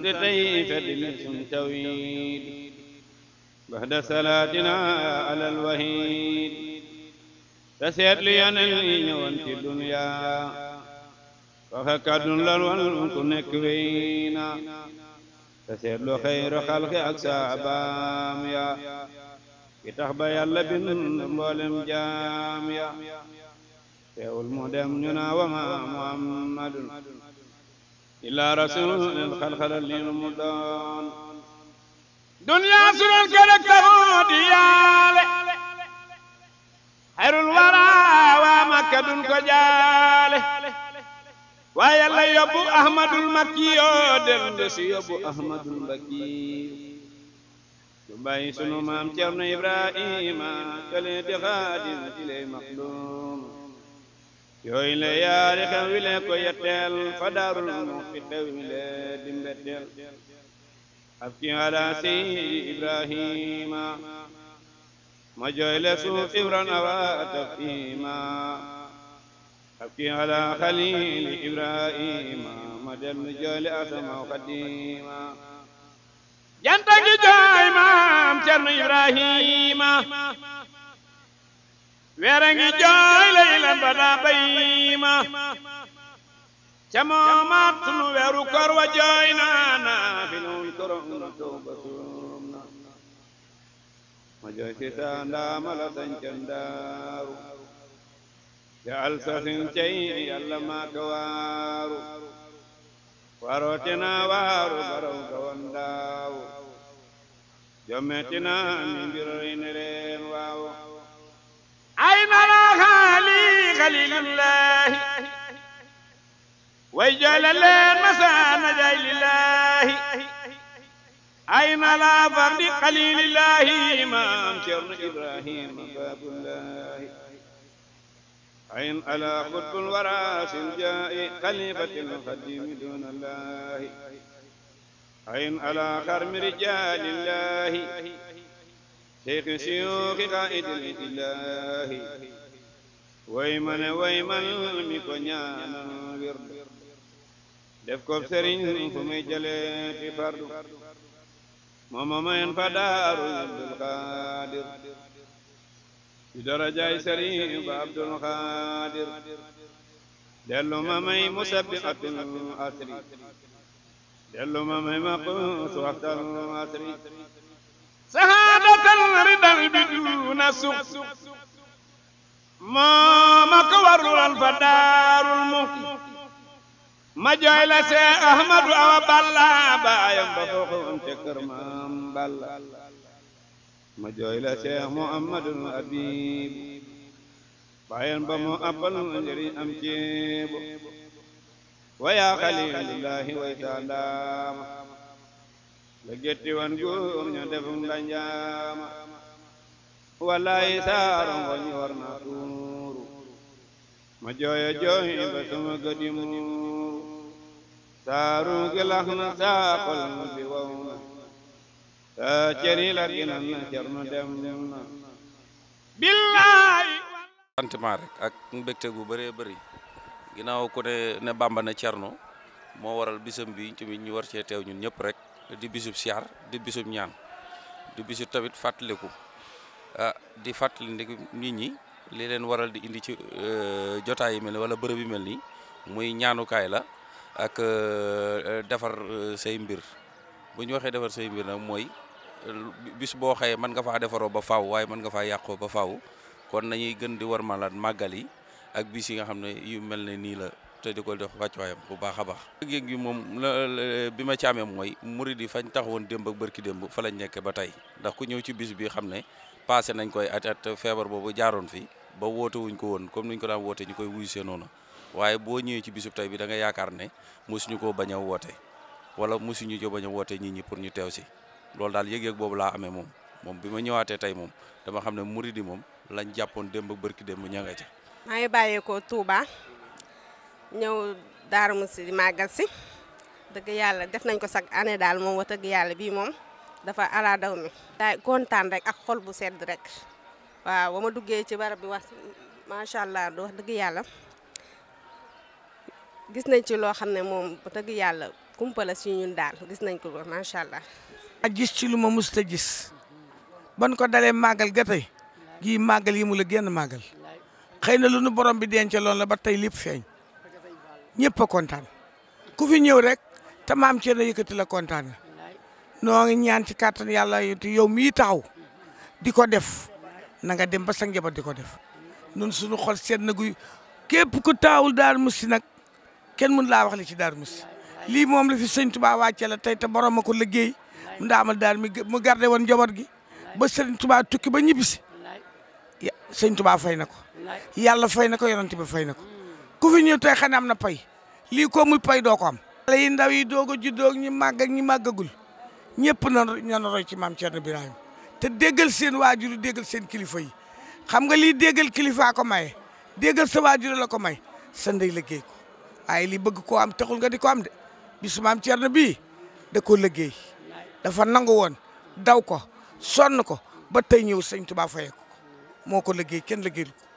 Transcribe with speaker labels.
Speaker 1: sant tey feddli suñ tawhid baxda salaatina alal wahid te seetlu yeneen yi ñëwoon ci dunya waxe kàddun lal wan ku nekk weyna te seetlu xayru xalqi ak saabaam ya ki tax ba yàlla bind mboolem jaam ya teewul mu dem ñu naa wama muhammadun إلا رسول قد خلت لي رمضان دنيا سرور كلك ديال خير الورى ومكة دون كجال ويلا يبو أحمد المكي دندس يبو أحمد المكي باي سنو مام تيرنا إبراهيم كلي تخادم إلي مخلوق yooyu le yaari xam wi ko yetteel fa daarul mu fi xew wi le dimbetteel ab ki ala seydi ibrahima ma jooy le suuf ibran awa tafima ab ki ala xalil ibrahima ma dem nu jooy le asamaw xadima janta ngi jooy maam cerno ibrahima weera jooy laylan ba daa bayima ca moomaat sunu weeru kor jooy naa naa bi nuun na tooba suum na ma jooy si taa ndaama la sañcan daaru ja alsasin cay yàlla maa ka waaru waroote waaru baraw ka wandaawu jomme ti naa mi lillahi way jooyle leen masaana jaay lillahi ay na laa fardi xalilillahi maam Cerno Ibrahima baabullahi ayn ala xutbul warasil jaa'i xalifatil xadimi duunallahi ayn ala xarmi rijaalillahi
Speaker 2: seyxi siyuuxi qaa'idil illahi
Speaker 1: way ma ne way man mi ko ñaanal wird def ko sëriñ fu muy jëlee ti fardu mooma mayen fa daaru abdul xaadir ci darajaay sëriñ ba abdul xaadir dellu ma may musabbiqatul asri dellu ma may ridal bi duna suq mooma ko warulan fa daarul muxti ma jooy la see ahmadu awa balla baayam ba fooxoon ca kër maam balla ma jooy seex muhammadul abib baayam ba moo appal njëriñ am ceebo wa yaa xalilullahi way taandaama la getti wan góor defum la njaama wallaay saaro ngooñi war naa tuuru ma jooyo jooyi ba sama gëdi muuru saaru gi lax na saa xol mu bi wow na saa ceri la ginan na cer ma dem dem na
Speaker 3: billaay sentiment rek ak mbégte gu bëree bëri ginnaaw ko ne ne Bàmba ne Cerno moo waral bisam bi tamit ñu war cee teew ñun ñëpp rek di bisub siyaar di bisub ñaan di bisub tamit fàttaliku ah di fàttali nit ñi li leen waral di indi ci euh, jotaay yu mel nii wala bërëb yu mel nii muy ñaanukaay la ak euh, defar euh, say mbir bu ñu waxee defar say mbir nag mooy bis boo xëyee mën nga faa defaroo ba faw waaye mën nga faa yàqoo ba faw kon nañuy gën di war malaat màggal yi ak bis yi nga xam ne yu mel ne nii la te di ko def wàccuwaayam bu baax a baax. yëg gi moom bi ma ci amee mooy murid yi fañ taxawoon démb ak bërki démb fa lañ nekk ba tey ndax ku ñëw ci bis bi xam ne. passé nañ koy at at feebar boobu jaaroon fi ba woote wuñ ko woon comme ni ñu ko daan woote ñu koy wuyu see noonu waaye boo ñëwee ci bisub tey bi da nga yaakaar ne mosuñu koo bañ a woote wala mosuñu ñu bañ a woote nit ñi pour ñu teew si loolu daal yëg-yëg boobu laa amee moom moom bi ma ñëwaatee tey moom dama xam ne muridi moom lañ jàppoon démb bërki démb ña nga ca maa ngi bàyyeekoo Touba ñëw Darou Mousty di màggal si dëgg yàlla def nañ ko chaque année daal moom wax dëgg yàlla bii moom dafa ala daw mi. daay kontaan rek ak xol bu sedd rek waaw ba ma duggee ci barab bi wax macha allah du wax dëgg yàlla gis nañ ci loo xam ne moom bu dëgg yàlla kumpala si ñun daal gis nañ ko macha allah.
Speaker 2: a gis ci lu ma mosut gis ban ko dalee màggal ga tey gii màggal yi mu la génn màggal xëy na lu nu borom bi denc loon la ba tey lépp feeñ ñëpp a kontaan ku ñëw rek te maam Thierno yëkkati la kontaan. noo ngi ñaan ci kàttan yàlla yow mii taxaw di ko def nanga dem ba sa di ko def nun suñu xol seet na guy képp ku taawul daar musi nag kenn mën laa wax li ci daar musi lii moom la fi sëñ Tuubaa wàcce la tey te borom a ko liggéey mu ndaamal daar mi mu garde woon njaboot gi ba sëñ tubaa tukki ba ñibbisi sëñ Tuubaa fay na ko yàlla fay na ko yonent bi fay na ko ku fi tey xanaa am na pay lii ko mul pay doo ko am. xale yi ndaw yi doog a juddoo ñi màgg ñi màggagul. ñëpp na na roy ci maam Thierno Birahim te déggal seen waajur déggal seen kilifa yi xam nga lii déggal kilifa ko maye déggal sa waajur la ko may sa ndey liggéey ko waaye li bëgg koo am taxul nga di ko am de bisu maam Thierno bii da koo liggéey dafa nangu woon daw ko sonn ko ba tey ñëw sëñ Tuubaa faye ko moo ko liggéey kenn liggéeyul ko